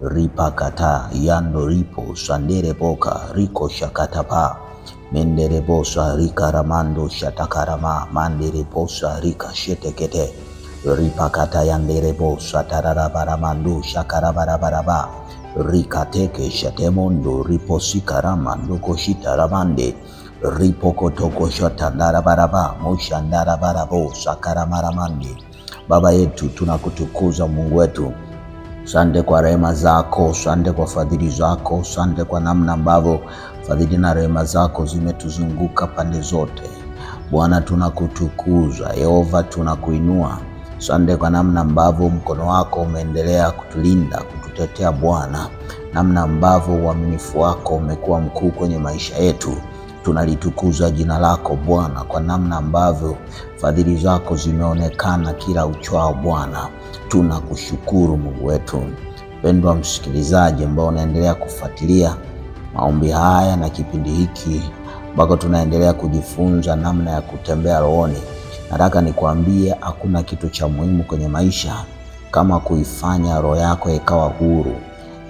ripakata yando ripo sandere boka riko shakatapa mendere bosa rikaramando shatakarama mandere bosa rika shetekete ripakata yandere bosa tararabaramandu shakarabarabaraba rikateke shatemondo riposikaramando koshitaramande ripokotoko shatandarabaraba moshandarabarabo sakaramaramande. Baba yetu tunakutukuza Mungu wetu Sante kwa rehema zako, sante kwa fadhili zako, sante kwa namna ambavyo fadhili na rehema zako zimetuzunguka pande zote. Bwana tunakutukuza, Yehova tunakuinua. Sante kwa namna ambavyo mkono wako umeendelea kutulinda, kututetea Bwana, namna ambavyo uaminifu wako umekuwa mkuu kwenye maisha yetu tunalitukuza jina lako Bwana kwa namna ambavyo fadhili zako zimeonekana kila uchwao Bwana, tunakushukuru Mungu wetu. Mpendwa msikilizaji ambao unaendelea kufuatilia maombi haya na kipindi hiki ambako tunaendelea kujifunza namna ya kutembea rohoni, nataka nikuambie hakuna kitu cha muhimu kwenye maisha kama kuifanya roho yako ikawa huru.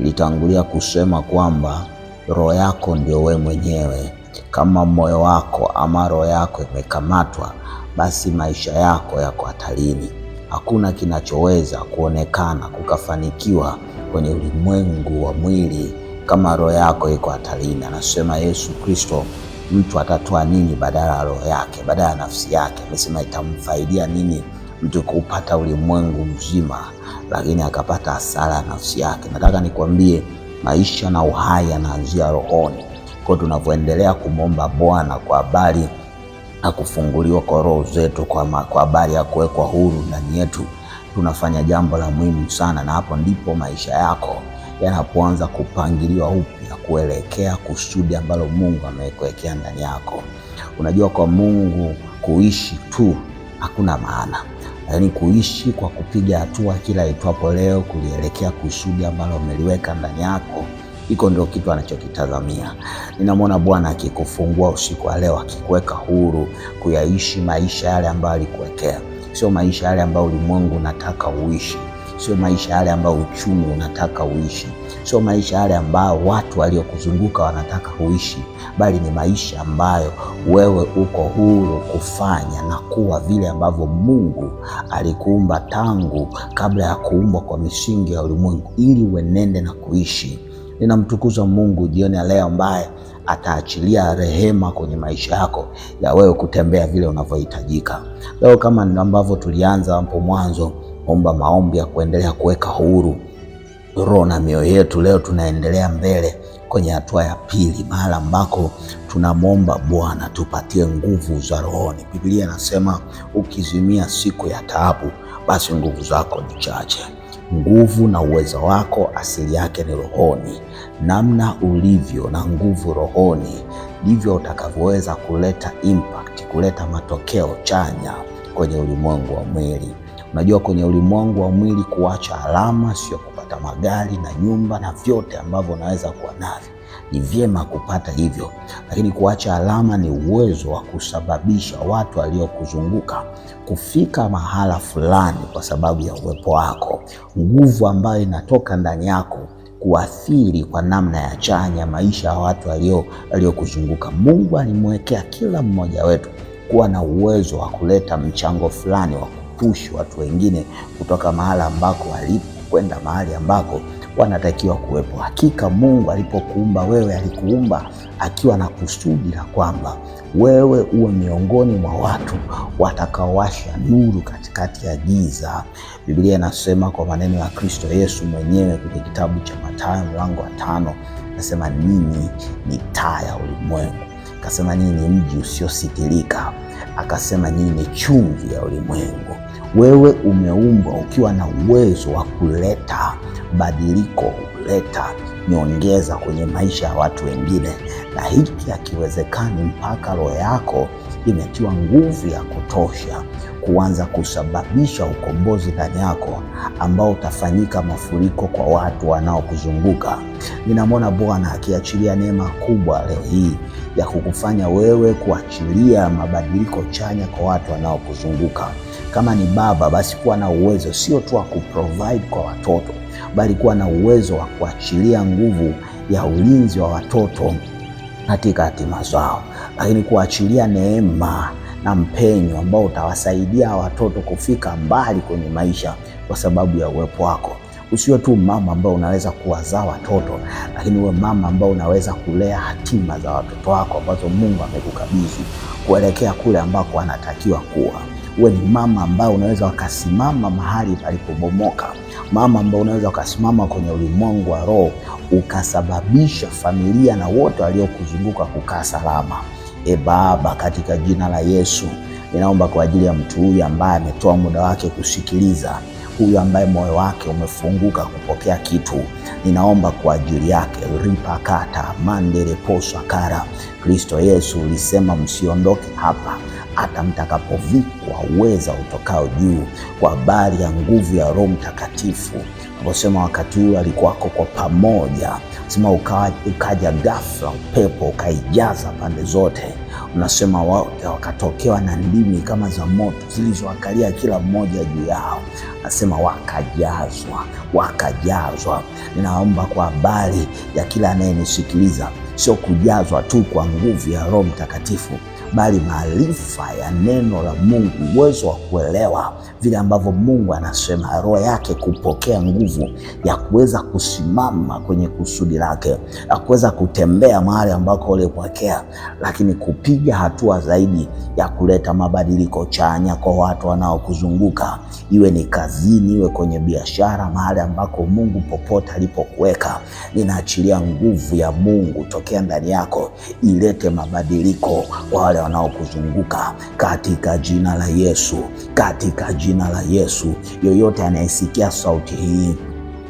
ilitangulia kusema kwamba roho yako ndio wewe mwenyewe kama moyo wako ama roho yako imekamatwa, basi maisha yako yako hatarini. Hakuna kinachoweza kuonekana kukafanikiwa kwenye ulimwengu wa mwili kama roho yako iko hatarini. Anasema Yesu Kristo, mtu atatoa nini badala ya roho yake, badala ya nafsi yake? Amesema itamfaidia nini mtu kupata ulimwengu mzima, lakini akapata hasara ya nafsi yake. Nataka nikwambie maisha na uhai yanaanzia rohoni. Kwa tunavyoendelea kumwomba Bwana kwa habari na kufunguliwa kwa roho zetu, kwa habari ya kuwekwa huru ndani yetu, tunafanya jambo la muhimu sana, na hapo ndipo maisha yako yanapoanza kupangiliwa upya kuelekea kusudi ambalo Mungu amekuwekea ndani yako. Unajua, kwa Mungu kuishi tu hakuna maana, yaani kuishi kwa kupiga hatua kila itwapo leo kulielekea kusudi ambalo umeliweka ndani yako Hiko ndio kitu anachokitazamia. Ninamwona Bwana akikufungua usiku wa leo, akikuweka huru kuyaishi maisha yale ambayo alikuwekea, sio maisha yale ambayo ulimwengu unataka uishi, sio maisha yale ambayo uchumi unataka uishi, sio maisha yale ambayo watu waliokuzunguka wanataka uishi, bali ni maisha ambayo wewe uko huru kufanya na kuwa vile ambavyo Mungu alikuumba tangu kabla ya kuumbwa kwa misingi ya ulimwengu, ili uenende na kuishi ninamtukuza Mungu jioni ya leo ambaye ataachilia rehema kwenye maisha yako ya wewe kutembea vile unavyohitajika leo, kama ambavyo tulianza hapo mwanzo, omba maombi ya kuendelea kuweka huru roho na mioyo yetu. Leo tunaendelea mbele kwenye hatua ya pili, mahala ambako tunamwomba Bwana tupatie nguvu za rohoni. Biblia inasema ukizimia siku ya taabu, basi nguvu zako ni chache. Nguvu na uwezo wako asili yake ni rohoni namna ulivyo na nguvu rohoni ndivyo utakavyoweza kuleta impact, kuleta matokeo chanya kwenye ulimwengu wa mwili. Unajua, kwenye ulimwengu wa mwili kuacha alama sio kupata magari na nyumba na vyote ambavyo unaweza kuwa navyo, ni vyema kupata hivyo, lakini kuacha alama ni uwezo wa kusababisha watu waliokuzunguka kufika mahala fulani kwa sababu ya uwepo wako, nguvu ambayo inatoka ndani yako kuathiri kwa namna ya chanya maisha ya watu waliokuzunguka. Mungu alimwekea kila mmoja wetu kuwa na uwezo wa kuleta mchango fulani wa kupushi watu wengine kutoka mahala ambako walipo kwenda mahali ambako wanatakiwa kuwepo. Hakika Mungu alipokuumba wewe, alikuumba akiwa na kusudi la kwamba wewe uwe miongoni mwa watu watakaowasha nuru katikati ya giza. Biblia inasema kwa maneno ya Kristo Yesu mwenyewe kwenye kitabu cha Mathayo mlango wa tano, nasema ninyi ni taa ya ulimwengu Akasema nini ni mji usiositirika, akasema nini ni chumvi ya ulimwengu. Wewe umeumbwa ukiwa na uwezo wa kuleta badiliko, kuleta nyongeza kwenye maisha ya watu wengine, na hiki hakiwezekani mpaka roho yako imetiwa nguvu ya kutosha kuanza kusababisha ukombozi ndani yako ambao utafanyika mafuriko kwa watu wanaokuzunguka. Ninamwona Bwana akiachilia neema kubwa leo hii ya kukufanya wewe kuachilia mabadiliko chanya kwa watu wanaokuzunguka. Kama ni baba, basi kuwa na uwezo sio tu wa kuprovide kwa watoto, bali kuwa na uwezo wa kuachilia nguvu ya ulinzi wa watoto katika hatima zao, lakini kuachilia neema na mpenyo ambao utawasaidia watoto kufika mbali kwenye maisha kwa sababu ya uwepo wako. Usiwe tu mama ambao unaweza kuwazaa watoto, lakini uwe mama ambao unaweza kulea hatima za watoto wako ambazo Mungu amekukabidhi kuelekea kule ambako anatakiwa kuwa uwe ni mama ambaye unaweza ukasimama mahali palipobomoka, mama ambaye unaweza ukasimama kwenye ulimwengu wa roho ukasababisha familia na wote waliokuzunguka kukaa salama. E Baba, katika jina la Yesu ninaomba kwa ajili ya mtu huyu ambaye ametoa muda wake kusikiliza, huyu ambaye moyo wake umefunguka kupokea kitu, ninaomba kwa ajili yake ripakata mandere poswa kara. Kristo Yesu ulisema msiondoke hapa hata mtakapovikwa uweza utokao juu kwa habari ya nguvu ya Roho Mtakatifu. Aposema wakati huo alikuwako kwa pamoja, sema ukaja ghafla upepo ukaijaza pande zote. Unasema wote wakatokewa na ndimi kama za moto zilizoangalia kila mmoja juu yao. Nasema wakajazwa, wakajazwa. Ninaomba kwa habari ya kila anayenisikiliza, sio kujazwa tu kwa nguvu ya Roho Mtakatifu bali maarifa ya neno la Mungu, uwezo wa kuelewa vile ambavyo Mungu anasema, roho yake kupokea nguvu ya kuweza kusimama kwenye kusudi lake, na kuweza kutembea mahali ambako ulipokea, lakini kupiga hatua zaidi ya kuleta mabadiliko chanya kwa watu wanaokuzunguka, iwe ni kazini, iwe kwenye biashara, mahali ambako Mungu popote alipokuweka, ninaachilia nguvu ya Mungu tokea ndani yako ilete mabadiliko kwa wale wale wanaokuzunguka katika jina la Yesu, katika jina la Yesu. Yoyote anayesikia sauti hii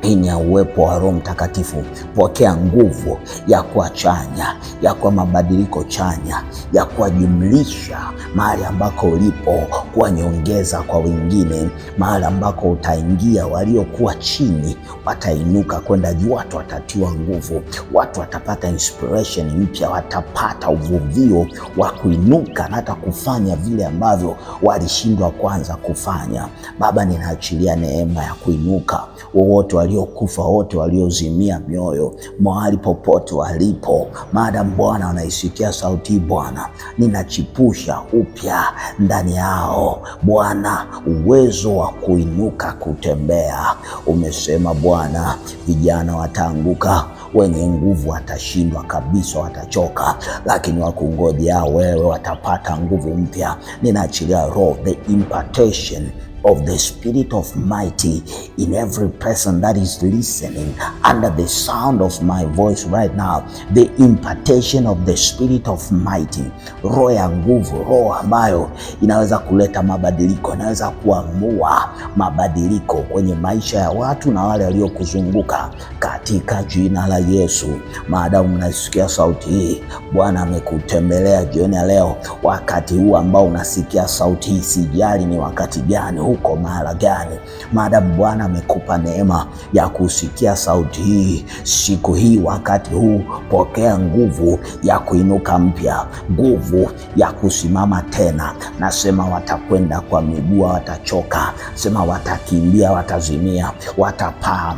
hii ni ya uwepo wa Roho Mtakatifu. Pokea nguvu ya kuwa chanya, ya kuwa mabadiliko chanya, ya kuwajumlisha mahali ambako ulipo, kuwa nyongeza kwa wengine. Mahali ambako utaingia, waliokuwa chini watainuka kwenda juu, watu watatiwa nguvu, watu watapata inspiration mpya, watapata uvuvio wa kuinuka na hata kufanya vile ambavyo walishindwa kwanza kufanya. Baba, ninaachilia neema ya kuinuka wowote waliokufa wote, waliozimia mioyo, mahali popote walipo, maadam Bwana wanaisikia sauti, Bwana ninachipusha upya ndani yao, Bwana uwezo wa kuinuka kutembea. Umesema Bwana, vijana wataanguka, wenye nguvu watashindwa kabisa, watachoka, lakini wakungojea wewe watapata nguvu mpya. Ninaachilia roho the impartation of the spirit of mighty in every person that is listening under the sound of my voice right now, the impartation of the spirit of mighty, roho ya nguvu, roho ambayo inaweza kuleta mabadiliko, inaweza kuamua mabadiliko kwenye maisha ya watu na wale waliokuzunguka katika jina la Yesu. Maadamu mnasikia sauti hii, Bwana amekutembelea jioni ya leo. Wakati huu ambao unasikia sauti hii, sijali ni wakati gani huko mahala gani? Maadamu Bwana amekupa neema ya kusikia sauti hii siku hii, wakati huu, pokea nguvu ya kuinuka mpya, nguvu ya kusimama tena. Nasema watakwenda kwa miguu, watachoka. Sema watakimbia, watazimia, watapaa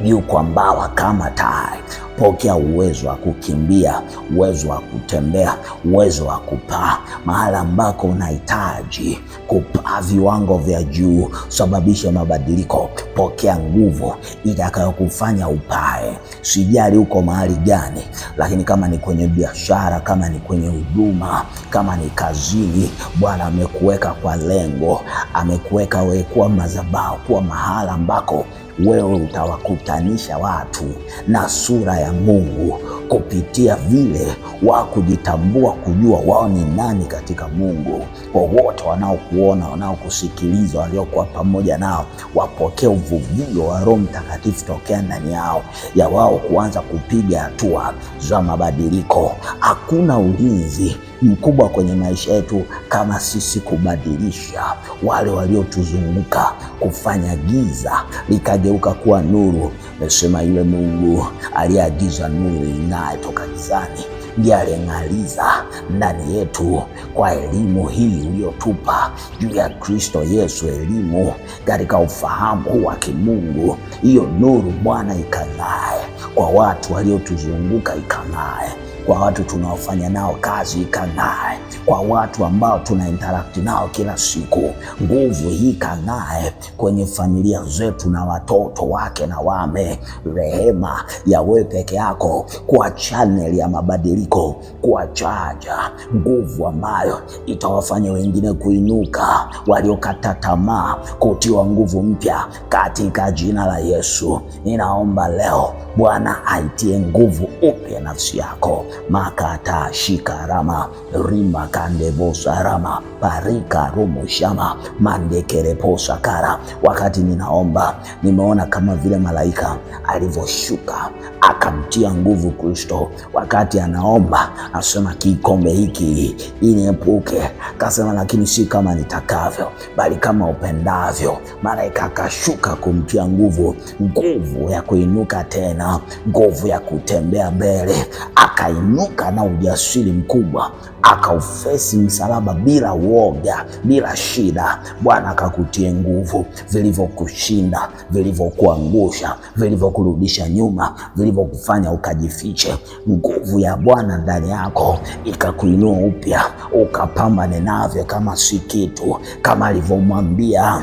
juu kwa mbawa kama tai. Pokea uwezo wa kukimbia, uwezo wa kutembea, uwezo wa kupaa mahala ambako unahitaji kupaa viwango vya juu, sababisha mabadiliko. Pokea nguvu itakayokufanya upae. Sijali uko mahali gani, lakini kama ni kwenye biashara, kama ni kwenye huduma, kama ni kazini, Bwana amekuweka kwa lengo, amekuweka wewe kuwa madhabahu, kuwa mahala ambako wewe utawakutanisha watu na sura ya ya Mungu kupitia vile wa kujitambua, kujua wao ni nani katika Mungu. Kwa wote wanaokuona, wanaokusikiliza, waliokuwa pamoja nao wapokee uvuvio wa Roho Mtakatifu tokea ndani yao, ya wao kuanza kupiga hatua za mabadiliko. Hakuna ulinzi mkubwa kwenye maisha yetu kama sisi kubadilisha wale waliotuzunguka, kufanya giza likageuka kuwa nuru. Nasema yule Mungu aliyeagiza nuru ing'ae toka gizani ndiye aliyeng'aliza ndani yetu kwa elimu hii uliyotupa juu ya Kristo Yesu, elimu katika ufahamu huwa wa kimungu. Hiyo nuru Bwana ikang'ae kwa watu waliotuzunguka, ikang'ae kwa watu tunaofanya nao kazi ikang'ae, kwa watu ambao tuna interact nao kila siku. Nguvu hii kang'ae kwenye familia zetu na watoto wake na wame. Rehema ya wewe peke yako kuwa chaneli ya mabadiliko, kuwa chaja, nguvu ambayo itawafanya wengine kuinuka, waliokata tamaa kutiwa nguvu mpya katika jina la Yesu. Ninaomba leo Bwana aitie nguvu upya nafsi yako makata shikarama rima rama parika rumushama mandekereposakara. Wakati ninaomba nimeona kama vile malaika alivyoshuka akamtia nguvu Kristo wakati anaomba, asema kikombe hiki iniepuke, kasema lakini si kama nitakavyo, bali kama upendavyo. Malaika akashuka kumtia nguvu, nguvu ya kuinuka tena, nguvu ya kutembea mbele. Akainuka na ujasiri mkubwa, akaufesi msalaba bila uoga, bila shida. Bwana akakutie nguvu. Vilivyokushinda, vilivyokuangusha, vilivyokurudisha nyuma, vilivyokufanya ukajifiche, nguvu ya Bwana ndani yako ikakuinua upya, ukapambane navyo kama si kitu, kama alivyomwambia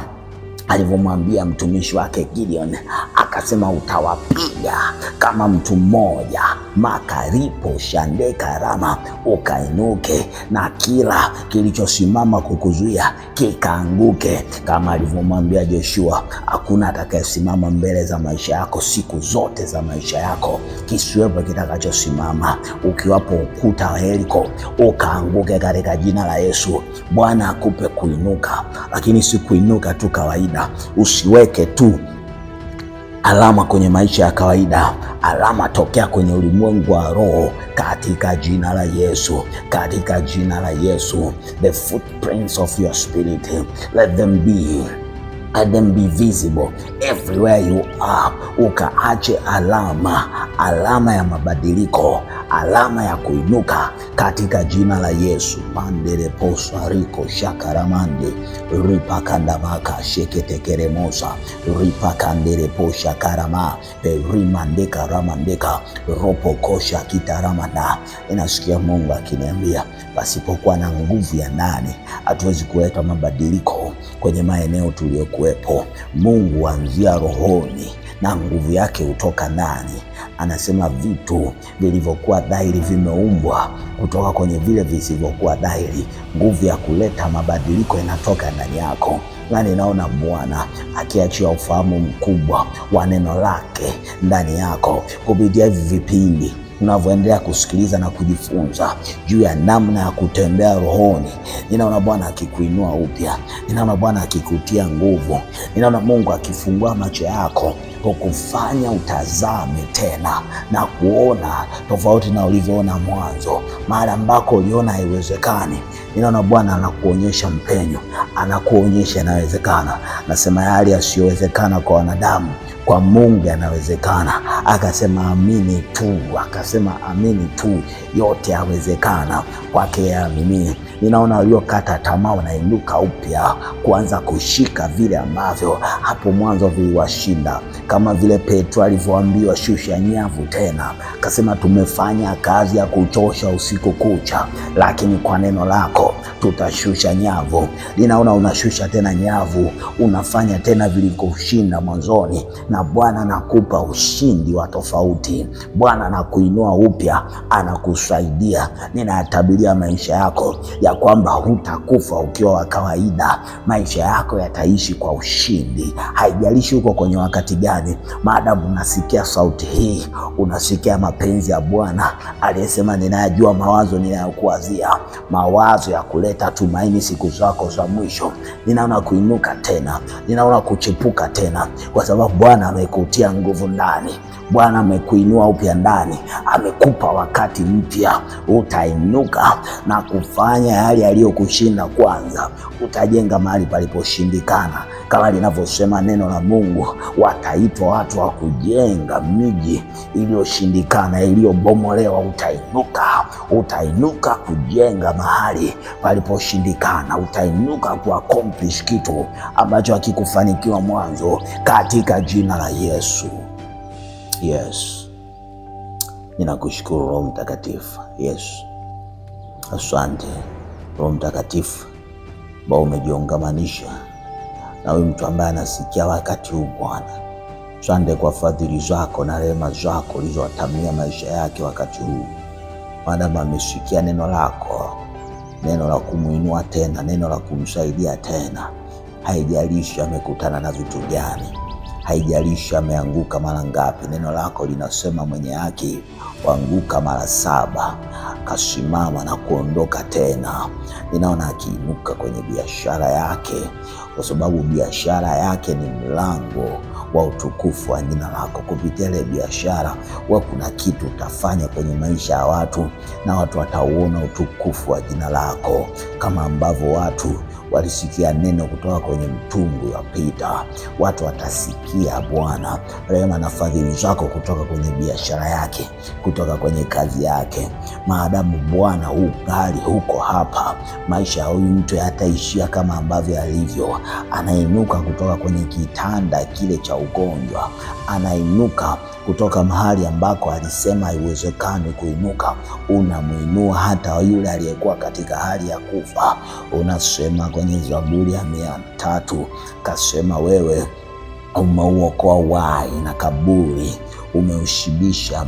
alivyomwambia mtumishi wake Gideon, akasema utawapiga kama mtu mmoja, makaripo shandeka rama, ukainuke na kila kilichosimama kukuzuia kikaanguke, kama alivyomwambia Joshua, hakuna atakayesimama mbele za maisha yako siku zote za maisha yako, kisiwepo kitakachosimama. Ukiwapo ukuta wa Yeriko, ukaanguke katika jina la Yesu. Bwana akupe kuinuka, lakini si kuinuka tu kawaida. Usiweke tu alama kwenye maisha ya kawaida, alama tokea kwenye ulimwengu wa roho, katika jina la Yesu, katika jina la Yesu. The footprints of your spirit let them be and then be visible everywhere you are, ukaache alama, alama ya mabadiliko, alama ya kuinuka katika jina la Yesu. mandele posa riko shakaramande ripakandamaka sheketekeremosa ripakandereposhakarama rimandeka ramandeka ropokosha kitaramana. Inasikia Mungu akiniambia pasipokuwa na nguvu ya ndani hatuwezi kuleta mabadiliko kwenye maeneo tuliyokuwa kuwepo. Mungu huanzia rohoni na nguvu yake hutoka ndani. Anasema vitu vilivyokuwa dhahiri vimeumbwa kutoka kwenye vile visivyokuwa dhahiri. Nguvu ya kuleta mabadiliko inatoka ndani yako na ninaona Bwana akiachia ufahamu mkubwa wa neno lake ndani yako kupitia hivi vipindi tunavyoendelea kusikiliza na kujifunza juu ya namna ya kutembea rohoni. Ninaona Bwana akikuinua upya, ninaona Bwana akikutia nguvu, ninaona Mungu akifungua macho yako kufanya utazame tena na kuona tofauti na ulivyoona mwanzo. Mahali ambako uliona haiwezekani, ninaona Bwana anakuonyesha mpenyo, anakuonyesha inawezekana. Nasema yale yasiyowezekana kwa wanadamu kwa Mungu yanawezekana. Akasema amini tu, akasema amini tu, yote yawezekana kwake amini ninaona waliokata tamaa wanainuka upya kuanza kushika vile ambavyo hapo mwanzo viliwashinda, kama vile Petro alivyoambiwa, shusha nyavu tena, akasema tumefanya kazi ya kuchosha usiku kucha, lakini kwa neno lako tutashusha nyavu. Ninaona unashusha tena nyavu, unafanya tena vilikushinda mwanzoni, na Bwana nakupa ushindi wa tofauti. Bwana anakuinua upya, anakusaidia. Ninayatabiria maisha yako ya kwamba hutakufa ukiwa wa kawaida. Maisha yako yataishi kwa ushindi, haijalishi uko kwenye wakati gani. Maadamu unasikia sauti hii, unasikia mapenzi ya Bwana aliyesema, ninayajua mawazo ninayokuwazia, mawazo ya kuleta tumaini siku zako za mwisho. Ninaona kuinuka tena, ninaona kuchipuka tena, kwa sababu Bwana amekutia nguvu ndani. Bwana amekuinua upya ndani, amekupa wakati mpya. Utainuka na kufanya yale yaliyokushinda kwanza, utajenga mahali paliposhindikana, kama linavyosema neno la Mungu, wataitwa watu wa kujenga miji iliyoshindikana, iliyobomolewa. Utainuka, utainuka kujenga mahali paliposhindikana, utainuka kuakomplish kitu ambacho hakikufanikiwa mwanzo, katika jina la Yesu. Yes, ninakushukuru Roho Mtakatifu. Yes, asante Roho Mtakatifu ambao umejiongamanisha na huyu mtu ambaye anasikia wakati huu Bwana. Asante kwa fadhili zako na rehema zako ulizowatamia maisha yake wakati huu. Maadamu amesikia neno lako, neno la kumwinua tena, neno la kumsaidia tena, haijalishi amekutana na vitu gani haijalishi ameanguka mara ngapi. Neno lako linasema mwenye haki huanguka mara saba kasimama na kuondoka tena. Ninaona akiinuka kwenye biashara yake, kwa sababu biashara yake ni mlango wa utukufu wa jina lako. Kupitia ile biashara wa kuna kitu utafanya kwenye maisha ya watu, na watu watauona utukufu wa jina lako, kama ambavyo watu walisikia neno kutoka kwenye mtumbwi wa pita Watu watasikia Bwana rehema na fadhili zako kutoka kwenye biashara yake, kutoka kwenye kazi yake. Maadamu Bwana ugali huko hapa, maisha ya huyu mtu yataishia kama ambavyo alivyo. Anainuka kutoka kwenye kitanda kile cha ugonjwa, anainuka kutoka mahali ambako alisema haiwezekani kuinuka. Unamwinua hata yule aliyekuwa katika hali ya kufa. Unasema kwenye Zaburi ya mia tatu kasema wewe umeuokoa uhai na kaburi, umeushibisha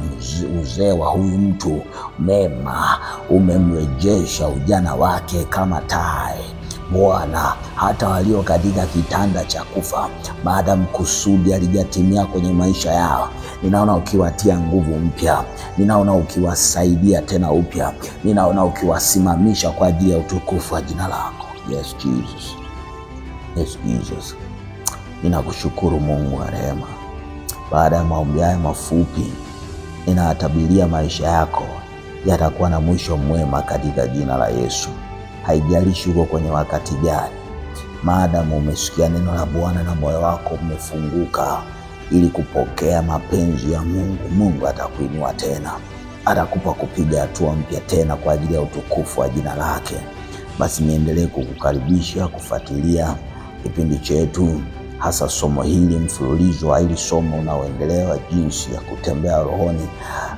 uzee wa huyu mtu mema, umemrejesha ujana wake kama tai Bwana hata walio katika kitanda cha kufa, maadamu kusudi alijatimia kwenye maisha yao. Ninaona ukiwatia nguvu mpya, ninaona ukiwasaidia tena upya, ninaona ukiwasimamisha kwa ajili ya utukufu wa jina lako. Yes Jesus, yes Jesus, ninakushukuru Mungu wa rehema. Baada ya maombi haya mafupi, ninatabiria maisha yako yatakuwa na mwisho mwema katika jina la Yesu haijalishi uko kwenye wakati gani, maadamu umesikia neno la Bwana na moyo wako umefunguka ili kupokea mapenzi ya Mungu, Mungu atakuinua tena, atakupa kupiga hatua mpya tena kwa ajili ya utukufu wa jina lake. Basi niendelee kukukaribisha kufuatilia kipindi chetu, hasa somo hili mfululizo wa hili somo unaoendelewa jinsi ya kutembea rohoni,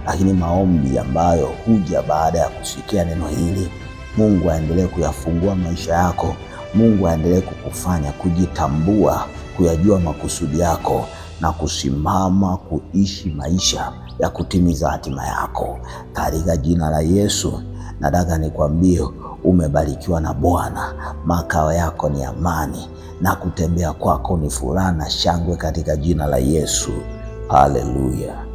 lakini maombi ambayo huja baada ya kusikia neno hili Mungu aendelee kuyafungua maisha yako. Mungu aendelee kukufanya kujitambua, kuyajua makusudi yako na kusimama kuishi maisha ya kutimiza hatima yako katika jina la Yesu. Nataka nikwambie umebarikiwa na Bwana, makao yako ni amani na kutembea kwako ni furaha na shangwe katika jina la Yesu. Haleluya.